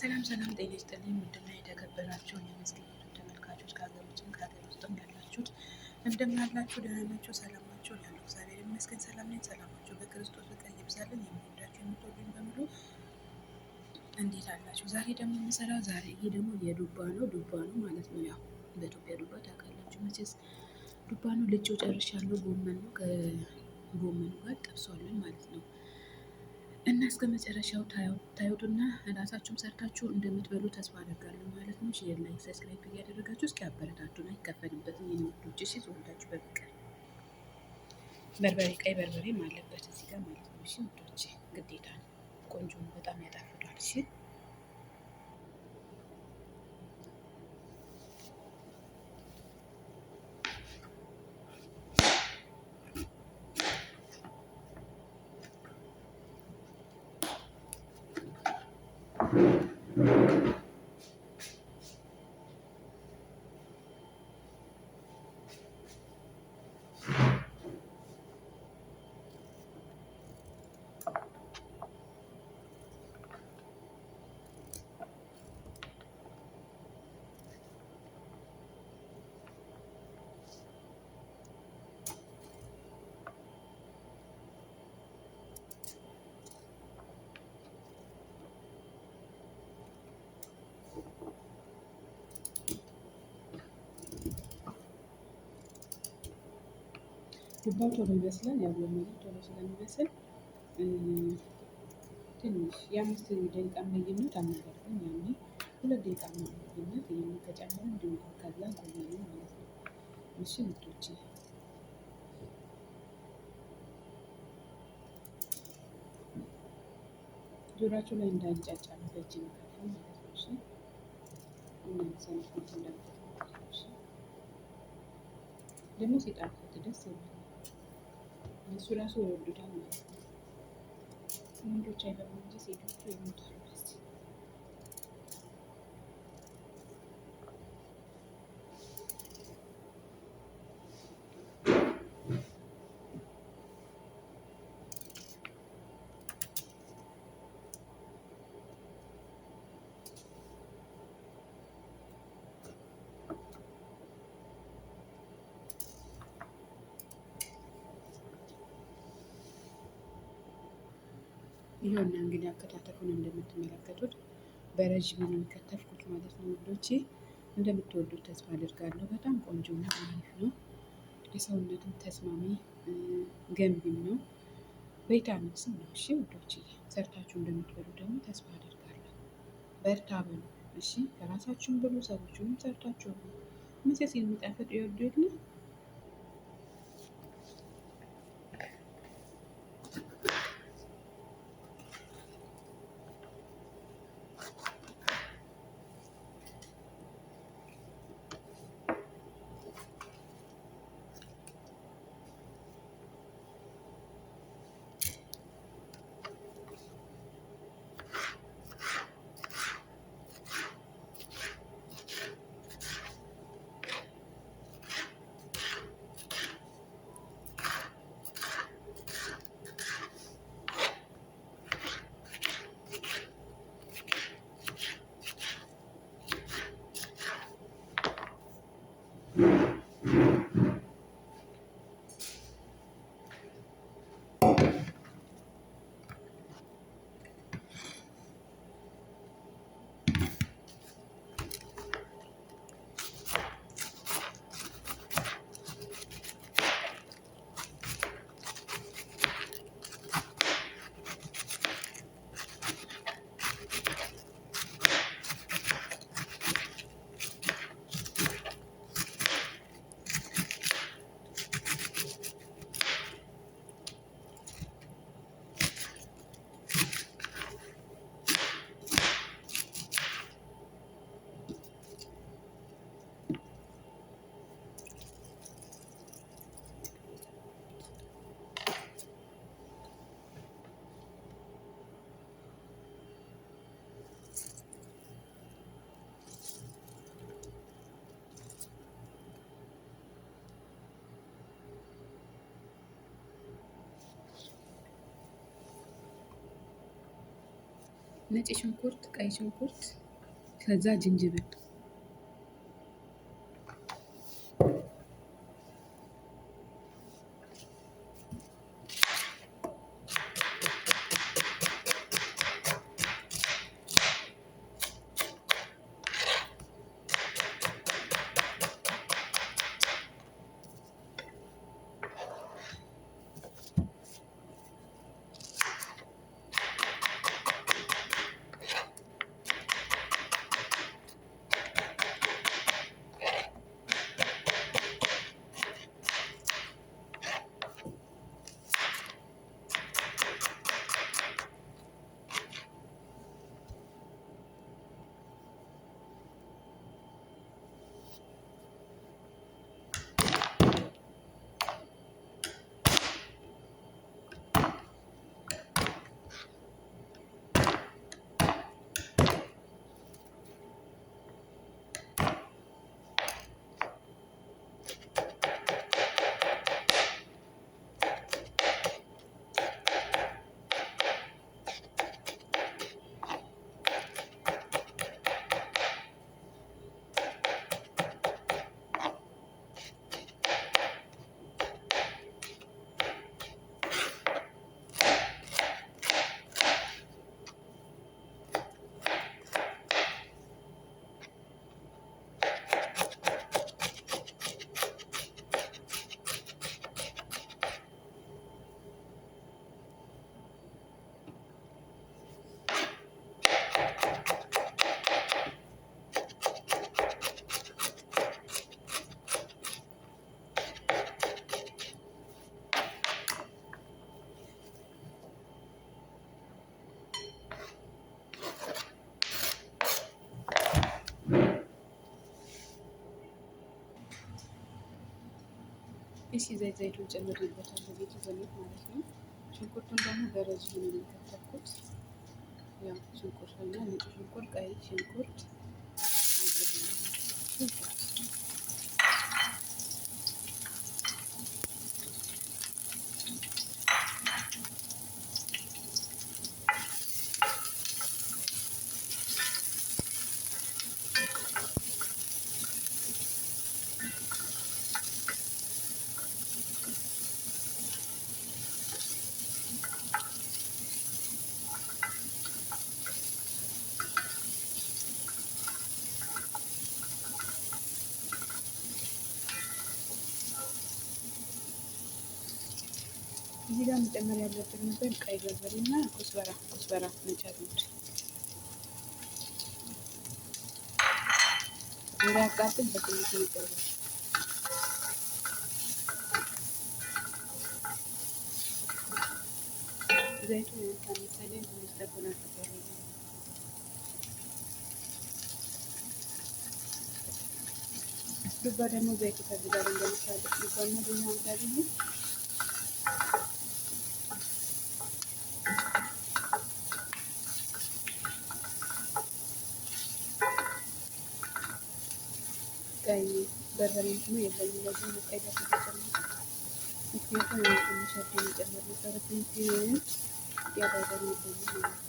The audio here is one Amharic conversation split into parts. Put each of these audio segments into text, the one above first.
ሰላም ሰላም፣ ጤና ይስጥልኝ። ውድና የተከበራችሁ የመስጊድ ተመልካቾች ከሀገር ውጭም ከሀገር ውስጥም ያላችሁት እንደምን አላችሁ? ደህና ናችሁ? ሰላም ናችሁ? ያለው እግዚአብሔር ይመስገን ሰላም ነኝ። ሰላማችሁ በክርስቶስ ፍቅር ይብዛልን። የሚወዳችሁ የምትወዱኝ በሙሉ እንዴት አላችሁ? ዛሬ ደግሞ የምሰራው ዛሬ ይሄ ደግሞ የዱባ ነው። ዱባ ነው ማለት ነው። ያው በኢትዮጵያ ዱባ ታውቃላችሁ መቼስ። ዱባ ነው ልጬው ጨርሻለሁ። ጎመን ነው ከጎመኑ ጋር ጠብሷለን ማለት ነው። እና እስከ መጨረሻው ታዩትና ራሳችሁም ሰርታችሁ እንደምትበሉ ተስፋ አደርጋለሁ ማለት ነው። ሼር ላይክ፣ ሰብስክራይብ እያደረጋችሁ እስኪ አበረታቱን። አይከፈልበትም። የሚወዱች ሲዝ ወልዳችሁ በፍቅር በርበሬ፣ ቀይ በርበሬም አለበት እዚህ ጋር ማለት ነው። እሺ ውዶቼ፣ ግዴታ ነው። ቆንጆ በጣም ያጣፍጣል። እሺ Thank you. ዱባው ቶሎ ይበስላል። ያው የምግብ ቶሎ ስለሚበስል ትንሽ የአምስት ደቂቃ ልዩነት አናደርግም። ያኔ ሁለት ደቂቃ ልዩነት ይህንን ከጨመርን ድንቁ ከዛ ነው ማለት ነው። እሺ ምቶች ጆሮአችሁ ላይ እንዳንጫጫ በእጅ መካከል ማለት ነው። እሺ እናንተ ሰንፎች እንዳንጫጫ ደግሞ ሲጣፍጥ ደስ ይላል። እነሱ ራሱ ይወዱታል ማለት ነው። ወንዶች አይበሉም እንጂ ሴቶቹ ይወዱታል። ይኸውና እንግዲህ አከታተፉን እንደምትመለከቱት በረዥም የሚከተፍኩት ማለት ነው ውዶቼ። እንደምትወዱት ተስፋ አድርጋለሁ። በጣም ቆንጆ ነው፣ አሪፍ ነው፣ ለሰውነትም ተስማሚ ገንቢም ነው፣ ቪታሚንስም ነው። እሺ ውዶቼ ሰርታችሁ እንደምትበሉ ደግሞ ተስፋ አድርጋለሁ። በርታ በሉ እሺ። ለራሳችሁም ብሉ፣ ሰዎችንም ሰርታችሁ ብሉ። መቼስ የሚጣፍጥ ይወዱ የለም። ነጭ ሽንኩርት፣ ቀይ ሽንኩርት ከዛ ጅንጅብል እስኪ ዘይት ዘይቱን ጨምሬበታለሁ ቤተሰቦች ማለት ነው። ሽንኩርቱን ደግሞ በረዥም ነው የሚከተኩት። ያው ሽንኩርት ነጭ ሽንኩርት፣ ቀይ ሽንኩርት እዚህ ጋር መጨመር ያለብን ነበር ቀይ በርበሬ እና ኮስበራ ኮስበራ መጨመር እንዳያቃጥል በትንሽ መጨመር ዘይቱን ያልታመሰለ የሚጠቁና ተበረ ዱባ ደግሞ ዘይቱ ከዚህ ጋር እንደሚታወቅ ዱባና ቡና እንዳገኘ በርበሬ እንትኑ የለም። እንደዚህ ቀይ ምክንያቱም ትንሽ አደ መጨመር ነበረብኝ ግን ያዳገር ይገኛል ማለት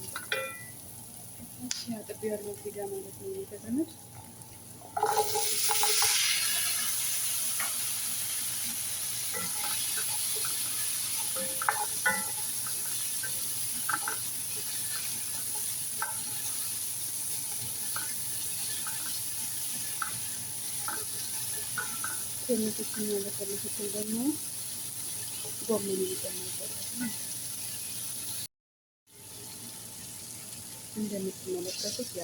ነው። እሺ የሚጥኩኝ ያለፈልኩትን ደግሞ ጎመን ይጨምርበታል። እንደምትመለከቱት ያ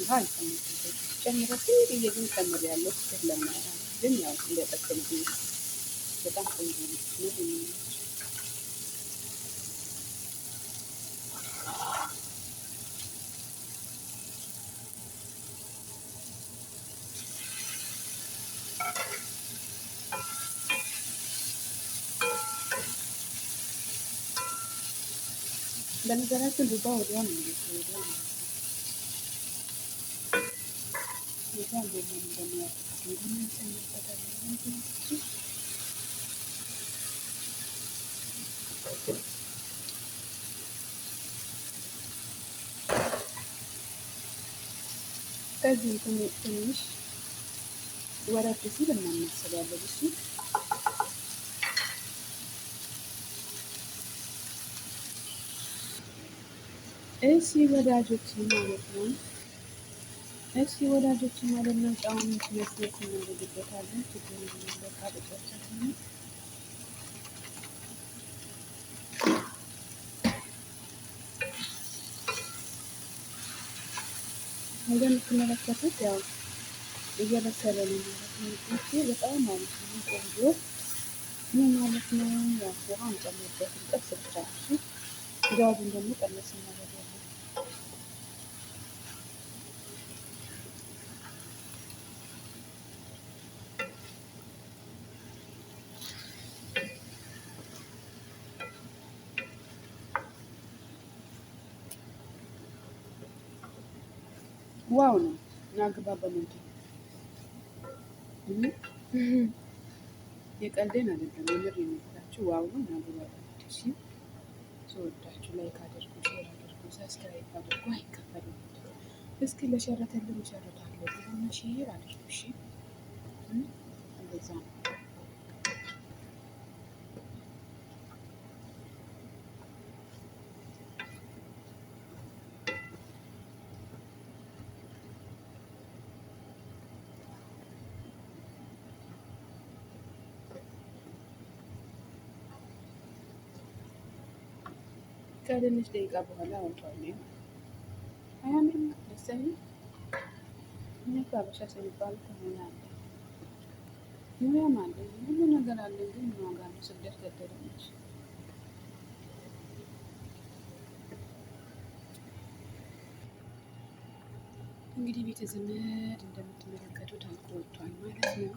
ውሃ ይጨምርበት ጨምረት ብዬ ግን ጨምር ያለው ክፍል ለማያ ግን ያው እንደጠቀምኩ በጣም ቆንጆ ነው። దాని జర తుండుతో ఉదయం ከዚህ ትንሽ ወረድ ሲል እናማስል ያለብሽ እስኪ ወዳጆች ማለት ነው። እስኪ ወዳጆች ማለት ነው። ጫውን መስለት እናደርግበታለን። ችግር በቃ ጥጦቻችን እንደምትመለከቱት ያው እየበሰለ ነው ማለት ነው። በጣም ማለት ነው ቆንጆ ምን ማለት ነው። ያው ውሃ እንጨምርበት፣ እንጠብስ ብቻ። ጋዙን ደግሞ ቀነስ እናደርጋለን ዋው ነው ናግባ በመንቱ የቀልደን አይደለም የምር የሚላችሁ ዋው ነው ናግባ በመንቱ ሲ ሰወዳችሁ ላይክ አድርጉ፣ ሼር አድርጉ፣ ሰብስክራይብ አድርጉ። አይከፈልም። እስኪ ለሸረተልን ሸረታለሁ ሼር አድርጉ። እሺ እንደዛ ነው። ከትንሽ ደቂቃ በኋላ አወጣዋለሁ። አያምርም? ደስ አይልም? እኛ እኮ አበሻ ስንባል ከሆነ አለ ሙያም አለ ሁሉ ነገር አለ። ግን ዋጋ ነው ስደት ገደለች። እንግዲህ ቤተ ዘመድ እንደምትመለከቱት አልቆ ወጥቷል ማለት ነው።